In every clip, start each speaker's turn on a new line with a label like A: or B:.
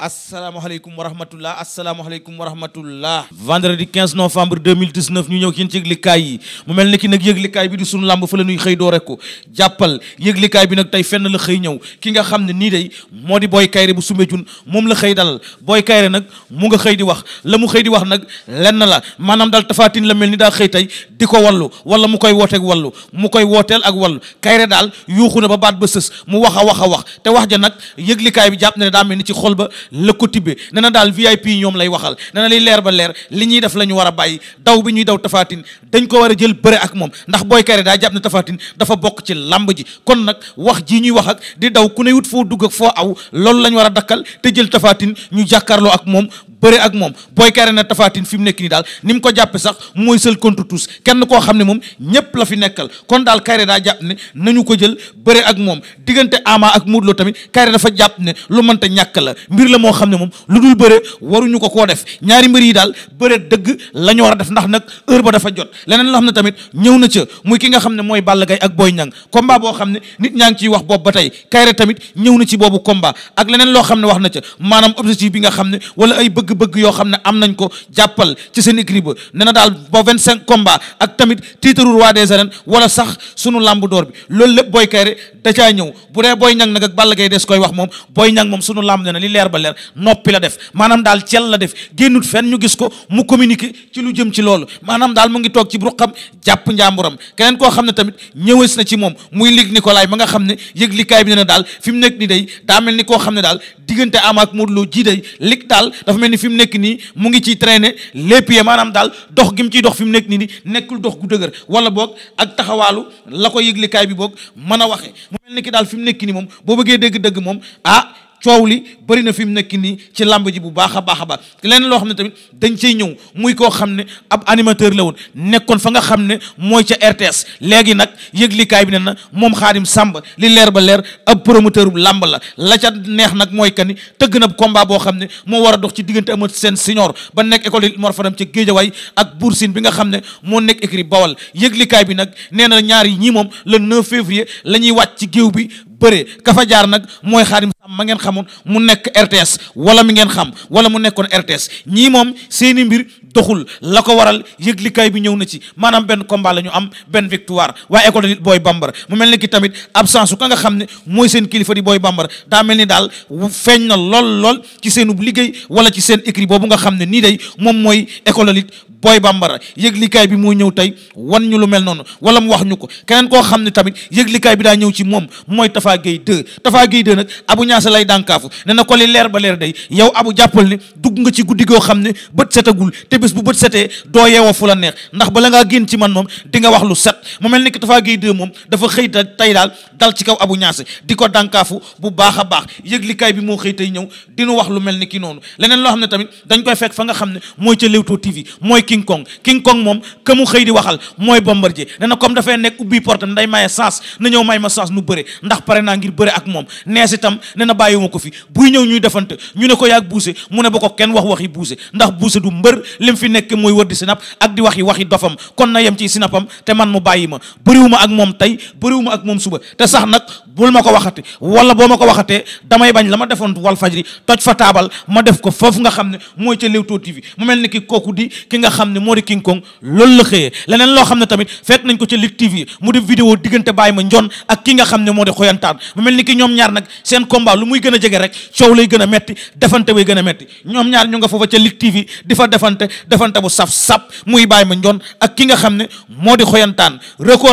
A: asalaamaaleykum wa rahmatullah asalaamaaleykum wa rahmatullah vendredi 15 novembre 2019 ñu ñëw ci yéen ci yëglikaay yi mu mel ni ki nag yëglikaay bi di sunu làmb fa la xëy doo rek ko jàppal yëglikaay bi nag tey fenn la xëy ñëw ki nga xam ne nii day moo di Boy Kayre bu Soumbédioune moom la xëy dalal Boy Kayre nag mu nga xëy di wax la mu xëy di wax nag lenn la maanaam daal tafaatin la mel ni daal xëy tey di ko wallu wala mu koy wooteeg wallu mu koy wooteel ak wallu Kayre daal yuuxu na ba baat ba sës mu wax a wax a wax te wax ja nag yëglikaay bi jàpp na ne daa mel ni ci xool ba la ko tibbee nee na daal VIP ñoom lay waxal nee na li leer ba leer li ñuy def la ñu war a bàyyi daw bi ñuy daw tafaatin dañ ko war a jël bëre ak moom ndax Boy Kayré daa jàpp ne tafaatin dafa bokk ci làmb ji kon nag wax ji ñuy wax ak di daw ku ne wut foo dugg foo aw loolu la ñu war a dakkal te jël tafaatin ñu jàkkaarloo ak moom bëre ak moom Boy Kayré na tafaatin fi mu nekk nii daal ni mu ko jàppe sax mooy seul contre kenn koo xam ne moom ñépp la fi nekkal kon daal Kayré daa jàpp ne nañu ko jël bëre ak moom diggante Ama ak Modou Lo tamit Kayré dafa jàpp ne lu mënta ñàkk la mbir la moo xam ne moom lu dul bëre waruñu ko koo def ñaari mbër yi daal bëre dëgg la war a def ndax nag heure ba dafa jot leneen loo xam ne tamit ñëw na ca muy ki nga xam ne mooy Balla Gaye ak Boy Niang na ci boobu combat ak leneen bi nga xam ne wala ay bëgg-bëgg yoo xam ne am ko jàppal ci seen écrit ba na daal ba vingt cinq combat ak tamit titre roi des arènes wala sax sunu lambu door bi loolu lépp booy Kayre da caa ñëw bu dee Boy Niang nag ak Balla Gaye des koy wax moom Boy Niang moom sunu lamb ne na li leer ba leer def noppi la def maanaam daal cel la def génnut fenn ñu gis ko mu communiqué ci lu jëm ci loolu maanaam daal mu ngi toog ci ruqam jàpp njàmburam keneen koo xam ne tamit ñëwes na ci moom muy lig Nicolas ma nga xam ne yëg likaay bi ne na daal fi mu nekk ni day daa mel ni koo xam ne daal diggante Ama ak Modou Lo ji day daal dafa mel ni fi mu nekk nii mu ngi ciy traîner lépp yee maanaam daal dox gi mu ciy dox fi mu nekk nii nekkul dox gu dëgër wala boog ak taxawaalu la ko yëglikaay bi boog mën a waxe mu mel ni ki coow li bëri na fi mu nekk nii ci làmb ji bu baaxa a baax a baax leneen loo xam ne tamit dañ cey ñëw muy koo xam ne ab animateur la woon nekkoon fa nga xam ne mooy ca RTS léegi nag yëglikaay bi ne na moom Xaadim Sàmb li leer ba leer ab promoteur bu làmb la la neex nag mooy kani tëgg na combat boo xam ne moo war a dox ci diggante Eumeu Sène Senior ba nekk école Mor Fadam ca Géejawaay ak Bour Sine bi nga xam ne moo nekk écrit Bawal yëglikaay bi nag nee na ñaar yi ñii moom le 9 février la ñuy wàcc ci géew bi bëre ka nag mooy Xaadim ma ngeen xamoon mu nekk RTS wala mi ngeen xam wala mu nekkoon RTS ñii moom seeni mbir doxul la ko waral yëglikaay bi ñëw na ci maanaam benn combat la ñu am benn victoire waa école de booy bambara mu mel ni ki tamit absence su ka nga xam ne mooy seen kilifa di booy bambara daa mel ni daal feeñ na lool lool ci seenub liggéey wala ci seen écrit boobu nga xam ne nii day moom mooy école de booy bambara yëglikaay bi moo ñëw tey wan ñu lu mel noonu wala mu wax ñu ko keneen koo xam ne tamit yëglikaay bi daa ñëw ci moom mooy Tafa Gueye 2 Tafa nag abu ñaasa lay dànkaafu ne na ko li leer ba leer day yow abu jàppal ne dugg nga ci guddi goo xam ne bët setagul te bu bët setee doo yeewoo fu la neex ndax bala ngaa génn ci man moom di nga wax lu set mu mel ni ki Tafa Gueye moom dafa xëy da tey daal dal ci kaw abu ñaasa di ko dànkaafu bu baax a baax yëglikaay bi moo xëy tey ñëw dinu wax lu mel ni ki noonu leneen loo xam ne tamit dañ koy fekk fa nga xam ne mooy ca Leewtoo TV mooy King Kong King Kong moom que mu xëy di waxal mooy Bombardier nee na comme dafay nekk ubbi porte nday maye sens na ñëw may ma sens nu bëre ndax pare naa ngir bëre ak moom nees itam ne na bàyyiwuma ko fi buy ñëw ñuy defante ñu ne ko yaag buuse mu ne ba ko kenn wax waxi buuse ndax buuse du mbër lim fi nekk mooy wër di sinap ak di waxi waxi dofam kon na yem ci sinapam te man mu bàyyi ma bëriwuma ak moom tey bëriwuma ak moom suba te sax nag bul ma ko wa wala boo la ma defoon wal fajri toj fa taabal ma def ko foofu nga xam ne mooy ca Leewtoo TV mu mel ni ki xam ne moo di King Kong loolu la xëyee leneen loo xam ne tamit fekk nañ ko ca Lutte TV mu di vidéo diggante Baye Mandione ak ki nga a a metti defante bay gën a metti ñoom ñaar ñu nga foofa di fa defante defante bu saf-sap muy Baye ak ki nga xam ne moo di xoyantaan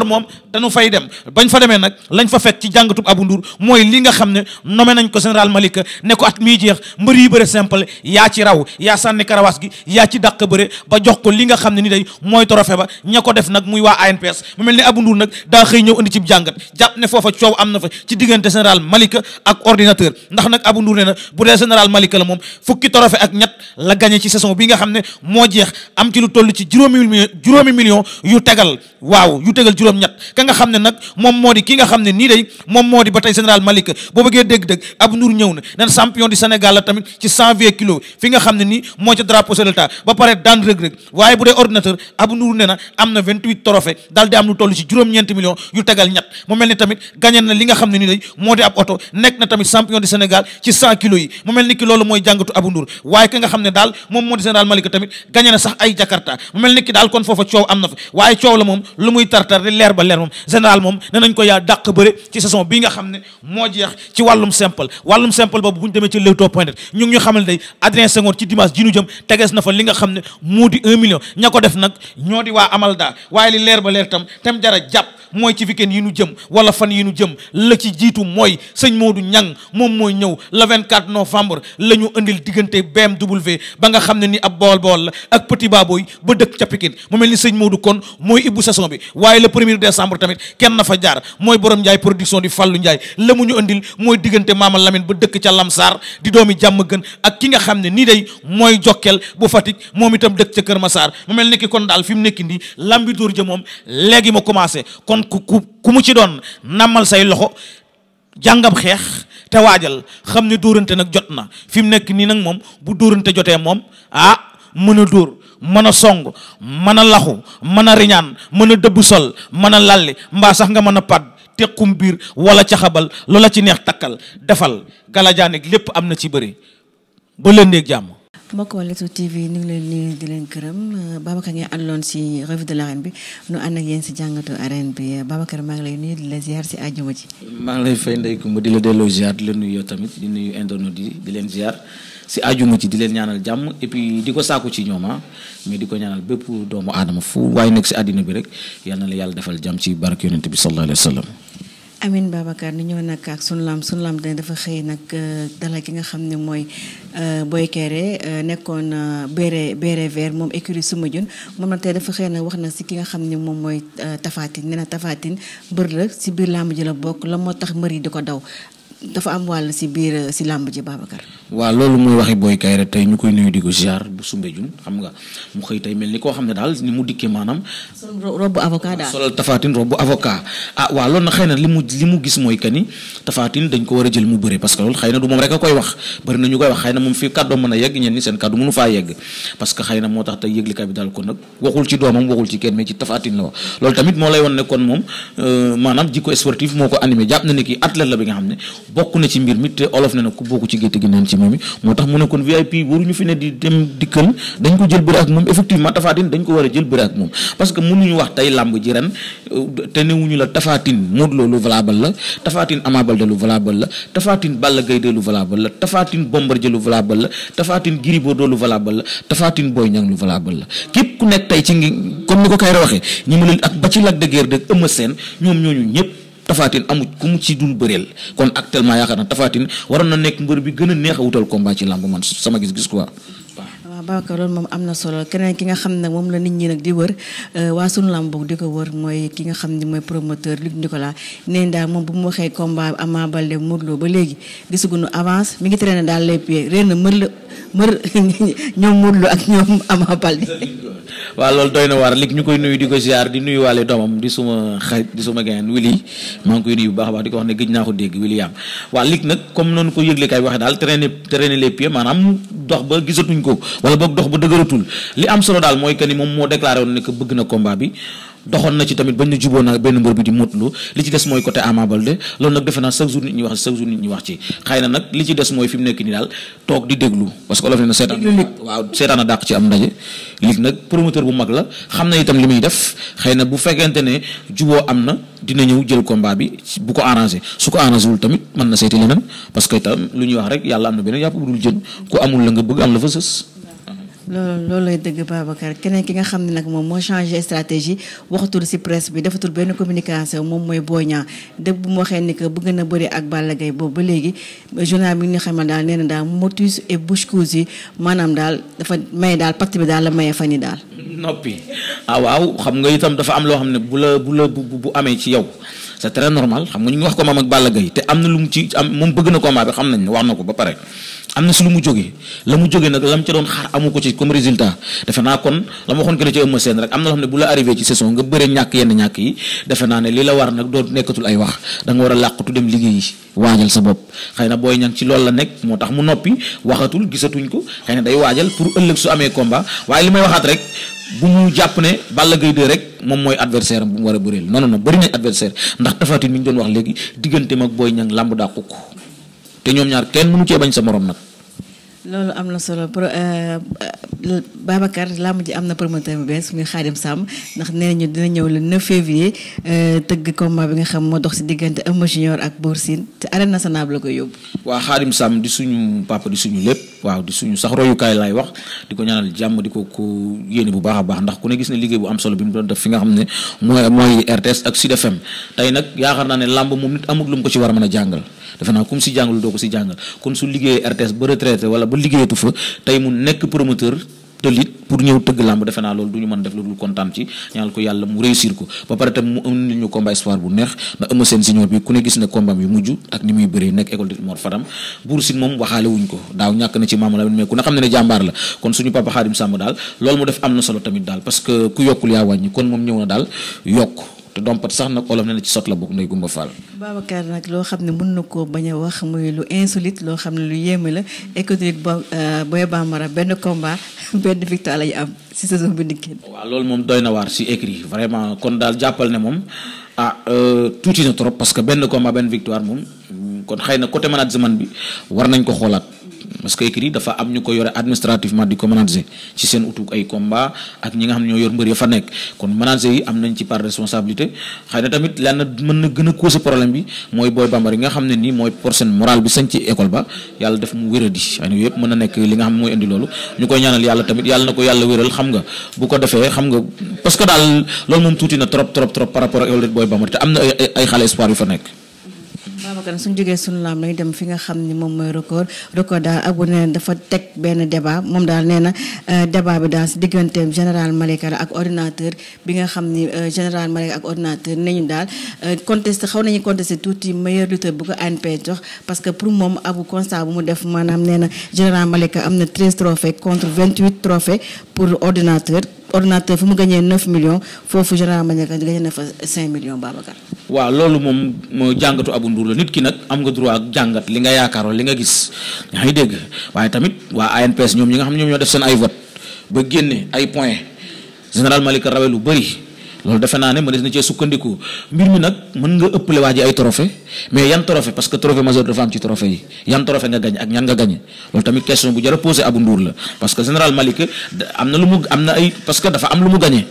A: moom dañu fay dem bañ fa demee nag lañ fa fekk ci jàngatub Abou Ndour mooy li nga xam ne nommé nañ ko général Malika ne ko at miy jeex mbër yi bëre simple yaa ci raw yaa sànni karawaas gi yaa ci dàq bëre ba jox jox ko li nga xam ne nii day mooy trophée ba ña ko def nag muy waa ANPS mu mel ni Abou Ndour nag daa xëy ñëw indi ci cib jàngat jàpp ne foofa coow am na fa ci diggante général Malika ak ordinateur ndax nag Abou Ndour nee na bu dee général Malika la moom fukki trophée ak ñett la gagné ci saison bi nga xam ne moo jeex am ci lu toll ci juróomi juróomi million yu tegal waaw yu tegal juróom-ñett ka nga xam ne nag moom moo di ki nga xam ne nii day moom moo di ba tey général Malika boo bëggee dégg-dégg Abou Ndour ñëw na nen champion du Sénégal la tamit ci cent vingt kilo fi nga xam ne nii moo ci drapeau de l'État ba pare daan rëg-rëg waaye bu dee ordinateur ab nur ne na am na vingt-huit trophée daal di am lu toll ci juróom-ñeenti millions yu tegal ñett mu mel ni tamit gagné na li nga xam ne ni day moo di ab oto nekk na tamit champion du Sénégal ci kilo yi mu mel ni ki loolu mooy jàngatu abu ndur waaye ki nga xam ne daal moom moo di général Malika tamit gagné na sax ay Jakarta mu mel ni ki daal kon foofa coow am na fa waaye coow la moom lu muy tartar di leer ba leer moom général moom ne nañ ko ci saison bi nga xam ne moo jeex ci wàllum simple wàllum simple boobu bu demee ci Leewtoo point net ñu ngi na fa li nga xam ne moo di un million ña ko def nag ñoo di waa Amalda waaye li leer ba leer tam tam jara jàpp mooy ci weekend yi nu jëm wala fan yi nu jëm la ci jiitu mooy sëñ Modou Niang moom mooy ñëw le 24 novembre la indil diggante BMW ba nga xam ne ni ab bool bool la ak petit baboy ba dëkk ca Pikine mu mel ni sëñ Modou kon bi waaye le premier décembre tamit kenn na fa jaar mooy borom Ndiaye production la mu ñu indil mooy diggante ba dëkk ca Lamsar di doomi jàmm gën ki nga xam ne nii day mooy Jokkel bu Fatick moom itam dëkk ca kër Kër Massar mu mel ni ki kon daal fi mu nekki nii lambi dóor ja moom léegi ma commencé kon ku ku ku mu ci doon nammal say loxo jàngam xeex te waajal xam ne dóorante nag jot na fi mu nekk nii nag moom bu dóorante jotee moom ah mën a dóor mën a song mën a laxu mën a riñaan mën a dëbb sol mën a lalli mbaa sax nga mën a pad tequm biir wala caxabal loola ci neex takkal defal galajaanig lépp am na ci bëri ba leen néeg jàmm
B: mbokk waa Leewtoo TV ñu ngi leen nuyu di leen këram Babacar ngeen àndoon si revue de l'arène bi nu ànd ak yéen si jàngatu arène bi Babacar maa ngi lay nuyu di la ziar si àjjuma ci maa
A: ngi lay fay Ndeye Coumba di la delloo di la nuyu tamit di nuyu internautes yi leen ziar si àjjuma ji di leen ñaanal jàmm et di ko saaku ci ñoom ah mais di ko ñaanal bépp doomu aadama fu waaye nekk si àddina bi rek yal na la yàlla defal jàmm ci barke yonent bi sallallahu alayhi wa
B: Amin Babacar ni ñëw nag ak sunu laam sunu laam dafa xëy nag euh, dalal ki nga xam ne mooy euh, Boy Kéré euh, nekkoon béere béere vert moom écurie Soumbédioune moom nag tey dafa xëy nag wax na si ki nga xam ne moom mooy tafaatin nee na Tafatine mbër la si biir làmb ji la bokk la moo tax mbër yi di ko daw dafa am wàll si biir si làmb ji Babacar.
A: waaw loolu muy waxi Boy Kayre tey ñu koy nuyu di ko ziar bu Soumbédioune xam nga mu xëy tey mel ni koo xam ne daal ni mu dikkee maanaam.
B: sol robu avocat daal solal
A: Tafatine robu avocat ah waaw loolu nag xëy na li mu mu gis mooy que ni Tafatine dañ ko war a jël mu bëre parce que loolu xëy na du moom rek a koy wax bëri na ñu koy wax xëy na moom fii kàddoom mën a yegg ñenn ñi seen kàddu mënu faa yegg parce que na moo tax tey yëglikaay bi daal kon nag waxul ci doomam waxul ci kenn mais moom it moo tax mu ne kon VIP waruñu fi ne di dem dikkal dañ ko jël bëri ak moom effectivement Tapha Tine dañ ko war a jël bëri ak moom parce que ñu wax tey làmb ji ren te newuñu la Tapha Tine Modou Lo lu valable la tafaatin Tine Ama Baldé lu valable la Tapha Tine Balla Gaye de lu valable la Tapha Tine Bombardier lu valable la Tapha Tine Gris Bordeaux lu valable la Tapha Tine Boy Niang lu valable la képp ku nekk tey ci ngi comme ni ko kay waxee ñi ma leen ak ba ci Lac de Guiers de Eumeu Sène ñoom ñooñu ñëpp Tafatine amut ku mu ci dul bëreel kon actuellement yaakaar na Tafatine waroon na nekk mbër bi gën a neex a wutal combat ci làmb man sama gis-gis quoi. waaw
B: Babacar loolu moom am na solo keneen ki nga xam ne moom la nit ñi nag di wër euh, waa sunu làmb boog di ko wër mooy ki nga xam ne mooy promoteur Luc Nicolas neen daal moom bu mu waxee combat Ama Baldé Modou Lo ba léegi gisaguñu avance mi ngi traîner daal les pieds réer na mën la. mbër ñoom Modou Lo ak ñoom Ama Baldé.
A: waaw loolu doy na waar léegi ñu koy nuyu di ko ziar di nuyu waale doomam di suma xarit di suma gayan Willy maa ngi koy nuyu bu baax a baax di ko wax ne gëj naa ko dégg William waaw léegi nag comme noonu ko yëgle kay waxee daal traîner traîner les pieds maanaam dox ba gisatuñ ko wala boog dox ba dëgëratul li am solo daal mooy que ni moom moo déclaré woon ne que bëgg na combat bi. doxoon na ci tamit bañ na juboo na benn mbër bi di Modou li ci des mooy côté Ama Baldé loolu nag defe naa chaque jour nit ñi wax ci xëy na nag li ci des mooy fi mu nekk nii daal toog di déglu parce que olof na seetaan waaw dàq ci am ndaje lig nag promoteur bu mag la xam na itam li muy def xëy na bu fekkente ne juboo am na dina ñëw jël combat bi bu ko arrangé su ko arrangé wul tamit mën na seeti leneen parce que itam lu ñuy wax rek yàlla am na beneen yàpp bu nga bëgg am la fa
B: lool loolu lay dëgg Babacar keneen ki nga xam ne nag moom moo changé stratégie waxatul si presse bi defatul benn communication moom mooy Boy Niang dëgg bu mu waxee ni que bëgg a bëri ak Balla Gaye boobu ba léegi journal bi nga xam ne daal nee na daal motus et bouche cousue yi maanaam daal dafa may daal pacte bi daal la maye fan yi daal.
A: noppi ah waaw xam nga itam dafa am loo xam ne bu la bu la bu amee ci yow. c'est très normal xam nga ñu ngi wax ko maam ak Balla Gaye te am na lu mu ci am moom bëgg na combat bi xam nañ ne wax na ko ba pare am na si lu mu jógee la mu jógee nag la mu ci comme ne ci ëmma seen rek am na loo xam ne bu la arrivé ci saison nga bëre ñàkk yenn ñàkk yi defe naa ne li la war nag doo nekkatul ay wax da nga war a làqatu dem liggéeyi waajal sa bopp xëy na booy ñang ci loolu la nekk moo tax mu noppi waxatul gisatuñ ko xëy na day waajal pour ëllëg su amee combat waaye li may waxaat bu mu jàpp ne Balla Gaye 2 rek moom mooy adversaire bu mu war a bëreel non non non bëri nañ adversaire ndax Tapha Tine ñu doon wax léegi diggante mag Boy Niang làmb daa ko te ñoom ñaar kenn mënu cee bañ sa moroom nag
B: loolu am na solo pro euh, euh, Babacar làmb ji am na promoteur mu bees muy Xaadim sàmm ndax nee nañu dina ñëw le 9 février euh, tëgg combat bi nga xam moo dox si diggante am Junior ak Bour Sine
A: te arène nationale la ko yóbbu. waa Xaadim Samb di suñu papa di suñu lépp waaw di suñu sax royukaay laay wax di ko ñaanal jàmm di ko ko yéene bu baax a baax ndax ku ne gis na liggéey bu am solo bi mu doon def fi nga xam ne mooy mooy RTS ak Sud FM tey nag yaakaar naa ne làmb moom nit amul lu mu ko ci war a mën a jàngal. defe naa comme si jàngalu doo ko si jàngal kon su liggéeyee RTS ba retraité wala ba liggéeyatu fa tey mu nekk promoteur de pour ñëw tëgg làmb defe naa loolu du ñu man def lu dul kontaan ci ñaanal ko yàlla mu réussir ko ba pare tam mu am ñu combat espoir bu neex ndax Eumeu Sène senior bi ku ne gis na combat yu mujj ak ni muy bëree nekk école de Mor Fadam Bour Sine moom waxaale wuñ ko daaw ñàkk na ci maam Lamine mais ku ne xam ne ne jàmbaar la kon suñu papa Xaadim Samb daal loolu mu am na solo tamit daal parce que ku yokkul yaa wàññi kon moom ñëw na daal te dompat sax nag olof ne na ci sot la ndey Gumba Fall.
B: Babacar nag loo xam ne mën na koo bañ a wax muy lu insolite loo xam ne lu yéeme la économie ba euh, Boy Bambara benn combat benn victoire lañu am si saison bi dikkee.
A: waaw loolu moom doy na waar si écrit vraiment kon daal jàppal ne moom ah euh, tuuti na trop parce que benn combat benn victoire moom. kon xëy na côté management bi war nañ ko xoolaat parce que am ñu ko yore administrativement di ko manager ci seen utuk ay combat nga xam ne ñoo yor mbër ya fa nekk kon manager yi am nañ ci part responsabilité na tamit lenn mën na gën a causer problème bi mooy booy bambara yi ne nii mooy personne morale bi sañ ci école ba yàlla def mu wéradi xëy na yëpp mën na nekk li nga xam ne mooy indi loolu ñu koy ñaanal yàlla tamit yàlla na ko yàlla wéral xam nga bu ko defee xam nga parce que daal loolu moom tuuti na trop trop trop par rapport ak école booy bambara te am na ay xale espoir yu fa nekk
B: Babacar suñ jógee sunu laam lañu dem fi nga xam ni moom mooy record record daal abu nee dafa teg benn débat moom daal nee na euh, débat bi daal si digganteem général Malika ak ordinateur bi nga xam ni euh, général Malika ak ordinateur nañu daal euh, contesté xaw nañu contesté tuuti meilleur lutteur bu ANP jox parce pour moom abu constat mu def maanaam nee na général Malika am na 13 trophées contre 28 trophées pour ordinateur ordinateur fu mu gañee 9 millions foofu général Malika gagné na fa 5 millions Babacar
A: waaw loolu moom moo jàngatu abu nduur la nit ki nag am nga droit jàngat li nga yaakaaroon li nga gis yaa ngi dégg waaye tamit waa ANPS ñoom ñi nga xam ne ñoom ñoo def seen ay vote ba génne ay point général Malick rawe lu bëri loolu defe naa ne ma des na cee sukkandiku mbir mi nag mën nga ëppale waa ji ay trophée mais yan trophée parce que trophée major dafa am ci trophée yi yan trophée nga gañ ak ñan nga gañ loolu tamit question bu jar a posé la parce que général Malick am na lu am na ay parce que dafa am lu mu gañe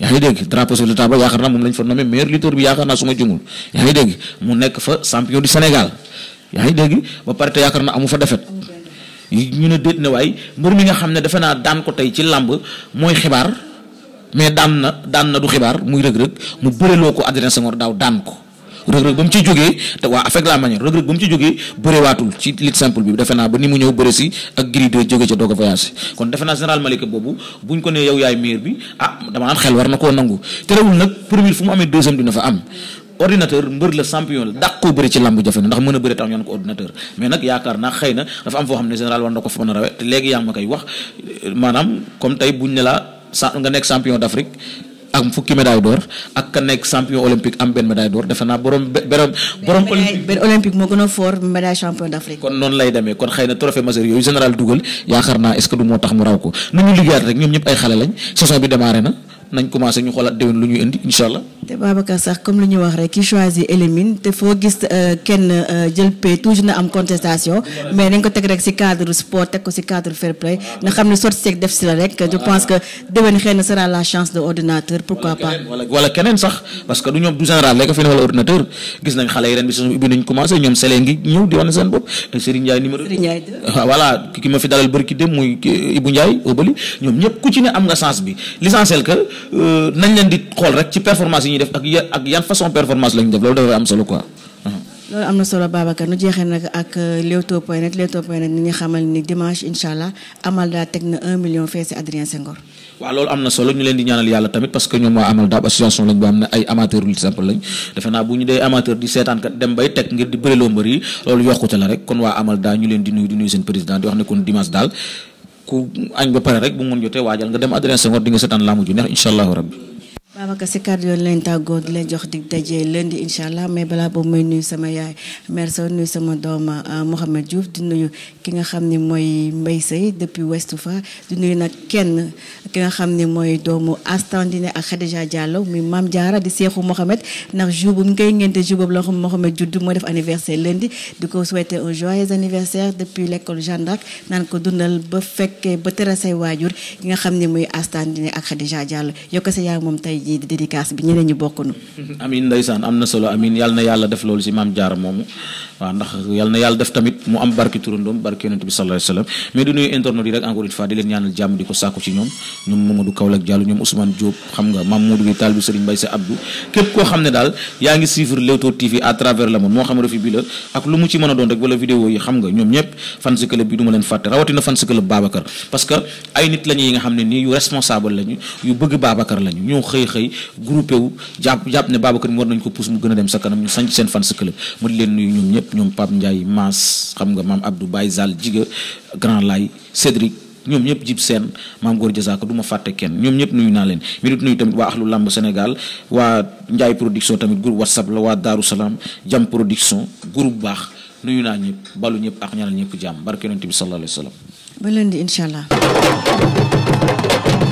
A: yaa ngi dégg drapeau sur le table naa moom lañ fa nommé meilleur lutteur bi yaakaar naa su ma jumul yaa ngi dégg mu nekk fa champion du Sénégal yaa ngi dégg ba pare te yaakaar naa amu fa defet ñu ne déet ne waaye mbër mi nga xam ne defe naa daan ko tey ci làmb mooy xibaar mais daan na daan na du xibaar muy rëg-rëg mu bëreloo ko Adrien Senghor daaw daan ko rëg-rëg ba mu ci jógee te waa avec la manière rëg ba mu ci jógee bëréwaatul ci lit simple bi defe naa ba ni mu ñëw bëre si ak giri de jóge ca doog a voyagé kon defe naa général Malika boobu buñ ko ne yow yaay maire bi ah xel war na koo nangu terewul nag premier fu mu amee deuxième dina fa am ordinateur mbër la champion la dàq koo bëri ci lamb jafe na ndax mën a bëri tax ñoon ko ordinateur mais nag yaakaar naa xëy na dafa am foo xam ne général war na ko fa mën a rawe te léegi yaa ma koy wax maanaam comme tey buñ ne la nga nekk champion d'Afrique am fukki médaille d'or ak ka nekk champion olympique am benn médaille d'or defe naa borom borom. olympique benn olympique
B: moo gën a fort médaille champion d'Afrique.
A: kon noonu lay demee kon xëy na trophée majeur yooyu général dugal yaakaar naa est moo tax mu raw ko nu ñu rek ñoom ñëpp ay xale lañ saison bi démarré na. nañ commencé ñu xoolaat déwén lu ñuy indi incha allah.
B: te Babacar sax comme lu ñuy wax rek ki choisir élimine te foo gis euh, kenn euh, jël paie toujours na am contestation mais nañ ko teg rek si cadre sport teg ko si cadre fair play na xam ne sotti seeg def si la rek je pense que déwén xëy sera la chance de ordinateur pourquoi pas.
A: wala keneen sax parce que du ñoom du général rek fi ne wala ordinateur gis nañ xale yi bi saison bi nañ ñoom selee Euh, nañ leen di xool rek ci performance yi ñuy def ak yan ak façon performance la ñu def loolu dafay am solo quoi.
B: loolu am na solo Babacar nu jeexee nag ak euh, Leewtoo point net nga xamal ni dimanche incha allah Amalda teg na 1 million fee si Adrien Senghor.
A: waaw loolu am na solo ñu leen di ñaanal yàlla tamit parce que ñoom waa Amalda association ñu leen di nuyu di nuyu seen président di wax ne kon dimanche daal. ku añ ba pare rek bu mun jotee waajal nga dem Adrien Senghor di nga seetaan laamu neex incha allahu rabbi
B: Babacar si kàddu yoon leen tàggoo di leen jox dig daje lundi incha allah mais balaa boobu may nuyu sama yaay mère Sow sama doom euh, Mouhamed Diouf di nuyu ki nga xam ne mooy Mbaye Seye depuis Ouest Foire di nuyu nag kenn ki nga xam ne mooy doomu Astandine ak Khadija Diallo muy Mame Diarra di seexu Mouhamed ndax jour mu koy ngénte jour boobu la xam Mouhamed judd moo def anniversaire lundi di ko souhaiter un joyeux anniversaire depuis l' école d'Arc naan ko dundal ba fekkee ba tere say waajur ki nga xam ne muy Astandine ak Khadija Diallo yokk sa yaay moom tey ji di dédicace bi ñeneen ñi bokkunu
A: amin ndeysaan am na solo amin yàlla def loolu si maam jaara moomu waaw ndax yàlla def tamit mu am barki turandoom barki yonent bi sallallahu alayhi wasallam mais du nuyu internautes yi rek encore une fois di leen ñaanal xam nga maam Modou bi taalibu Serigne Mbaye Sy képp koo xam ne daal yaa ngi suivre Leewtoo TV à travers le xam refi bi la ak lu mu ci mën a doon xam nga ñoom ñëpp fans club bi du ma leen parce que ay nit xëy groupé wu jàpp jàpp ne Babacar mi war nañ ko pousse mu gën a dem sa kanam ñu sanc seen fan sa club ma di leen nuyu ñoom ñëpp ñoom Pape Ndiaye Mass xam nga maam Abdou Baye Zal Jiga Grand Lay Cédric ñoom ñëpp jib seen maam góor jasaaka du ma fàtte kenn ñoom ñëpp nuyu naa leen minute nuyu tamit waa axlu làmb Sénégal waa Njaay production tamit groupe WhatsApp la waa Daaru Salaam jam production groupe baax nuyu naa ñëpp balu ñëpp ak ñaanal ñëpp jàmm barke yonent bi sallallahu
B: alayhi wa